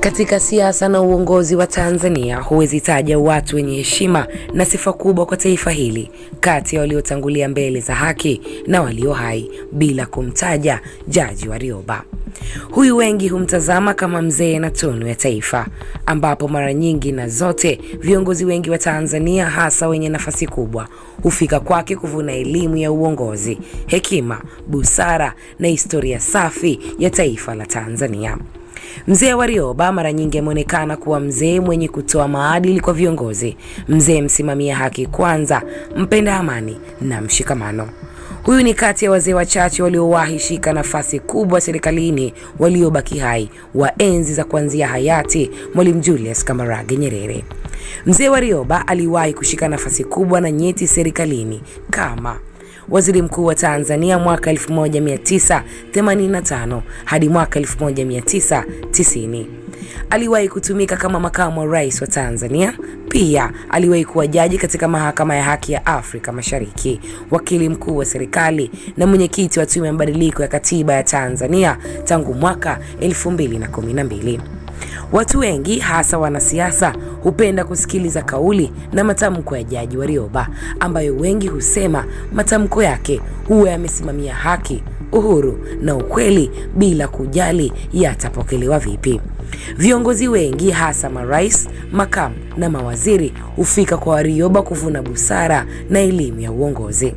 Katika siasa na uongozi wa Tanzania huwezi taja watu wenye heshima na sifa kubwa kwa taifa hili kati ya waliotangulia mbele za haki na walio hai bila kumtaja Jaji Warioba. Huyu wengi humtazama kama mzee na tunu ya taifa, ambapo mara nyingi na zote viongozi wengi wa Tanzania, hasa wenye nafasi kubwa, hufika kwake kuvuna elimu ya uongozi, hekima, busara na historia safi ya taifa la Tanzania. Mzee Warioba mara nyingi ameonekana kuwa mzee mwenye kutoa maadili kwa viongozi, mzee msimamia haki kwanza, mpenda amani na mshikamano. Huyu ni kati ya wazee wachache waliowahi shika nafasi kubwa serikalini waliobaki hai wa enzi za kuanzia hayati Mwalimu Julius Kambarage Nyerere. Mzee Warioba aliwahi kushika nafasi kubwa na nyeti serikalini kama waziri mkuu wa Tanzania mwaka 1985 hadi mwaka 1990 aliwahi kutumika kama makamu wa rais wa Tanzania. Pia aliwahi kuwa jaji katika mahakama ya haki ya Afrika Mashariki, wakili mkuu wa serikali na mwenyekiti wa tume ya mabadiliko ya katiba ya Tanzania tangu mwaka 2012. Watu wengi hasa wanasiasa hupenda kusikiliza kauli na matamko ya Jaji Warioba ambayo wengi husema matamko yake huwa yamesimamia haki uhuru na ukweli bila kujali yatapokelewa vipi. Viongozi wengi hasa marais, makamu na mawaziri hufika kwa Warioba kuvuna busara na elimu ya uongozi,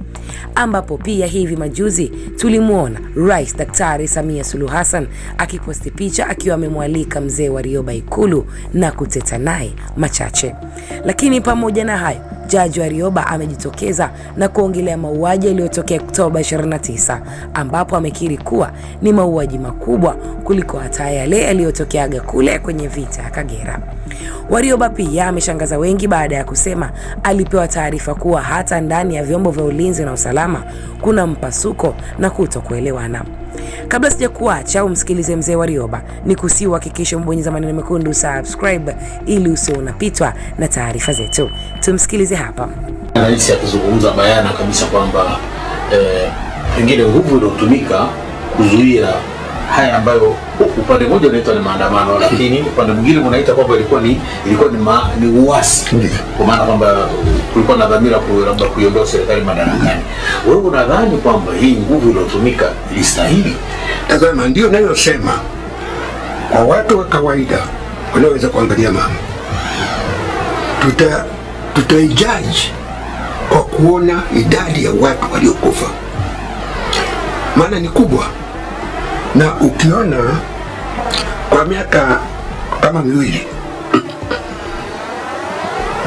ambapo pia hivi majuzi tulimwona Rais Daktari Samia suluh Hassan akiposti picha akiwa amemwalika mzee Warioba Ikulu na kuteta naye machache. Lakini pamoja na hayo Jaji Warioba amejitokeza na kuongelea mauaji yaliyotokea Oktoba 29 ambapo amekiri kuwa ni mauaji makubwa kuliko hata yale yaliyotokeaga kule kwenye vita ya Kagera. Warioba pia ameshangaza wengi baada ya kusema alipewa taarifa kuwa hata ndani ya vyombo vya ulinzi na usalama kuna mpasuko na kutokuelewana. Kabla sija kuacha umsikilize mzee Warioba, ni kusi uhakikishe mbonyeza maneno mekundu subscribe, ili usio unapitwa na taarifa zetu. Tumsikilize hapa. Rais akizungumza bayana kabisa kwamba eh, pengine nguvu iliotumika kuzuia haya ambayo upande mmoja unaitwa ni maandamano, lakini upande mwingine unaita kwamba ilikuwa ni ilikuwa ni, ma, ni uasi kwa maana kwamba kulikuwa na dhamira ku labda kuiondoa serikali madarakani. Wewe unadhani kwamba hii nguvu iliyotumika ilistahili? Tazama, ndio nayosema kwa watu wa kawaida wanaweza kuangalia mama, tuta tutaijaji kwa kuona idadi ya watu waliokufa, maana ni kubwa na ukiona kwa miaka kama miwili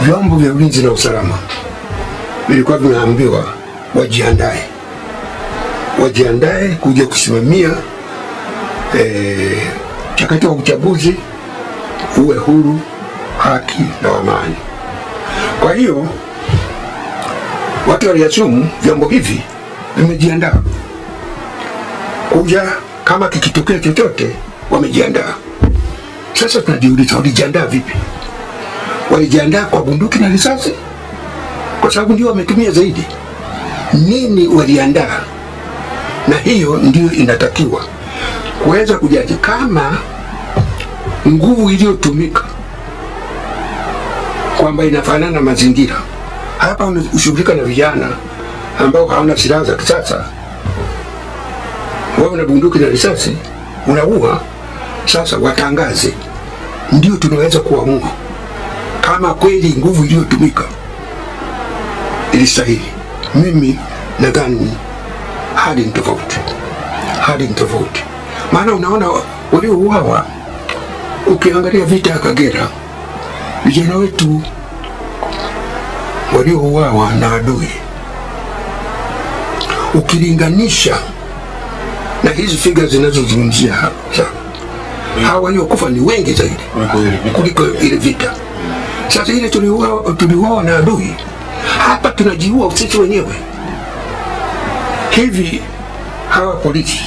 vyombo vya ulinzi na usalama vilikuwa vinaambiwa wajiandae, wajiandae kuja kusimamia eh, mchakato e, wa uchaguzi uwe huru, haki na amani. Kwa hiyo watu waliasumu vyombo hivi vimejiandaa kuja kama kikitokea chochote wamejiandaa. Sasa tunajiuliza walijiandaa vipi? Walijiandaa kwa bunduki na risasi, kwa sababu ndio wametumia zaidi. Nini waliandaa? Na hiyo ndio inatakiwa kuweza kujaji kama nguvu iliyotumika kwamba inafanana na mazingira. Hapa unashughulika na vijana ambao hawana silaha za kisasa wao na bunduki na risasi, unaua. Sasa watangaze, ndio tunaweza kuamua kama kweli nguvu iliyotumika ilistahili. Mimi nadhani hali ni tofauti, hali ni tofauti, maana unaona waliouawa, ukiangalia vita ya Kagera, vijana wetu waliouawa na adui ukilinganisha na hizi figa zinazozungumzia hapa hawa waliokufa ni wengi zaidi kuliko ile vita. Sasa ile tuliuawa na adui, hapa tunajiua sisi wenyewe. Hivi hawa polisi,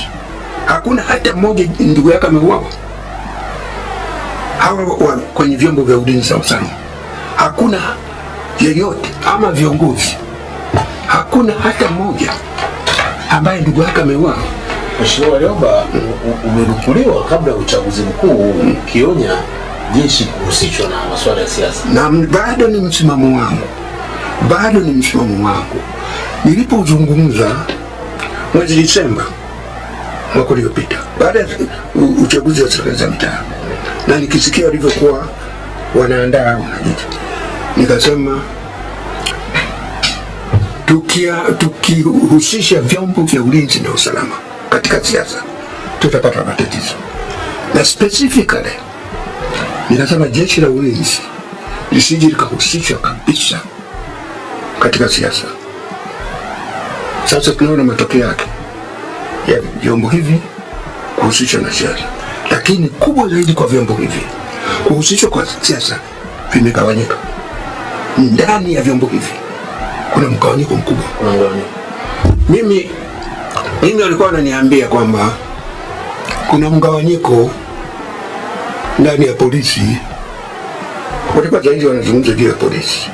hakuna hata mmoja ndugu yake ameuawa? Hawa kwenye vyombo vya ulinzi na usalama, hakuna yeyote ama viongozi, hakuna hata mmoja ambaye ndugu yake ameuawa? Mheshimiwa Lioba umenukuliwa kabla ya uchaguzi mkuu ukionya jeshi kuhusishwa na masuala ya siasa, na bado ni msimamo wangu, bado ni msimamo wangu. Nilipozungumza mwezi Disemba mwaka uliopita baada ya uchaguzi wa serikali za mitaa, na nikisikia walivyokuwa wanaandaa wanajiji, nikasema tukihusisha vyombo vya ulinzi na usalama katika siasa tutapata matatizo, na specifically ninasema jeshi la ulinzi lisije likahusishwa kabisa katika siasa. Sasa tunaona matokeo yake ya vyombo hivi kuhusishwa na siasa, lakini kubwa zaidi kwa vyombo hivi kuhusishwa kwa siasa vimegawanyika. Ndani ya vyombo hivi kuna mgawanyiko mkubwa. Mimi mimi walikuwa wananiambia kwamba kuna mgawanyiko ndani ya polisi, walikuwa zaidi wanazungumza juu ya polisi.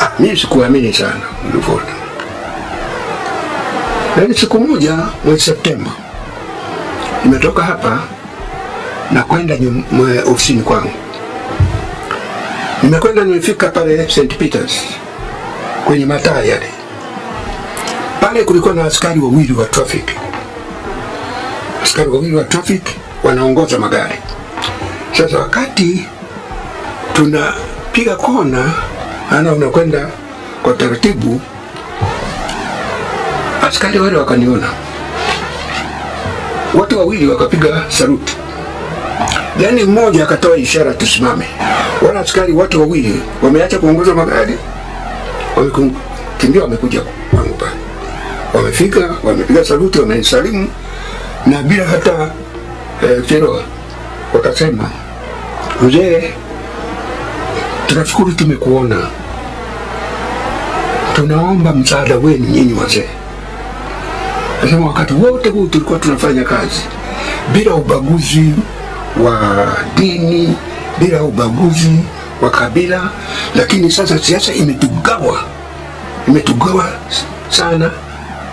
Ah, mimi sikuamini sana ilivyoona, lakini siku moja mwezi Septemba nimetoka hapa na kwenda ofisini kwangu, nimekwenda nimefika pale St Peters kwenye mataa yale pale kulikuwa na askari wawili wa traffic, askari wawili wa traffic wanaongoza magari. Sasa wakati tunapiga kona, ana unakwenda kwa taratibu, askari wale wakaniona, watu wawili wakapiga saluti, yaani mmoja akatoa ishara tusimame. Wala askari watu wawili wameacha kuongoza magari, wamekimbia, wamekuja wamefika, wamepiga saluti, wamenisalimu na bila hata eh, Eh, wakasema mzee, tunashukuru tumekuona, tunaomba msaada wenu nyinyi wazee. Nasema wakati wote huu tulikuwa tunafanya kazi bila ubaguzi wa dini, bila ubaguzi wa kabila, lakini sasa siasa imetugawa, imetugawa sana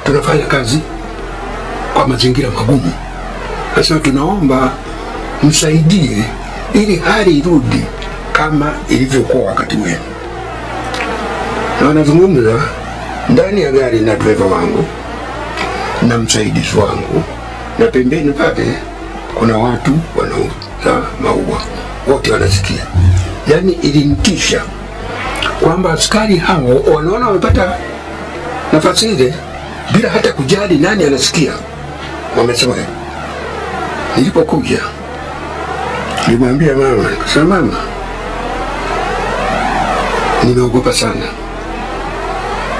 tunafanya kazi kwa mazingira magumu. Sasa tunaomba msaidie ili hali irudi kama ilivyokuwa wakati mwenu. Na wanazungumza ndani ya gari na dereva wangu na msaidizi wangu, na pembeni pale kuna watu wanauza maua, wote wanasikia. Yaani ilinitisha kwamba askari hao wanaona wamepata nafasi ile bila hata kujali nani anasikia. Wamesema nilipokuja nimwambia mama, nikasema mama, nimeogopa sana.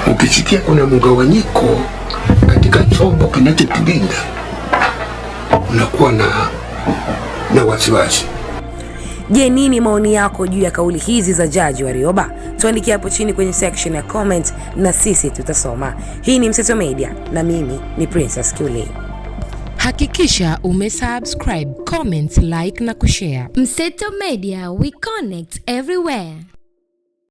Ukisikia kuna mgawanyiko katika chombo kinachotulinda unakuwa na na wasiwasi. Je, nini maoni yako juu ya kauli hizi za Jaji Warioba? Tuandikie hapo chini kwenye section ya comment na sisi tutasoma. Hii ni Mseto Media na mimi ni Princess Kiuli. Hakikisha umesubscribe, comment, like na kushare. Mseto Media, we connect everywhere.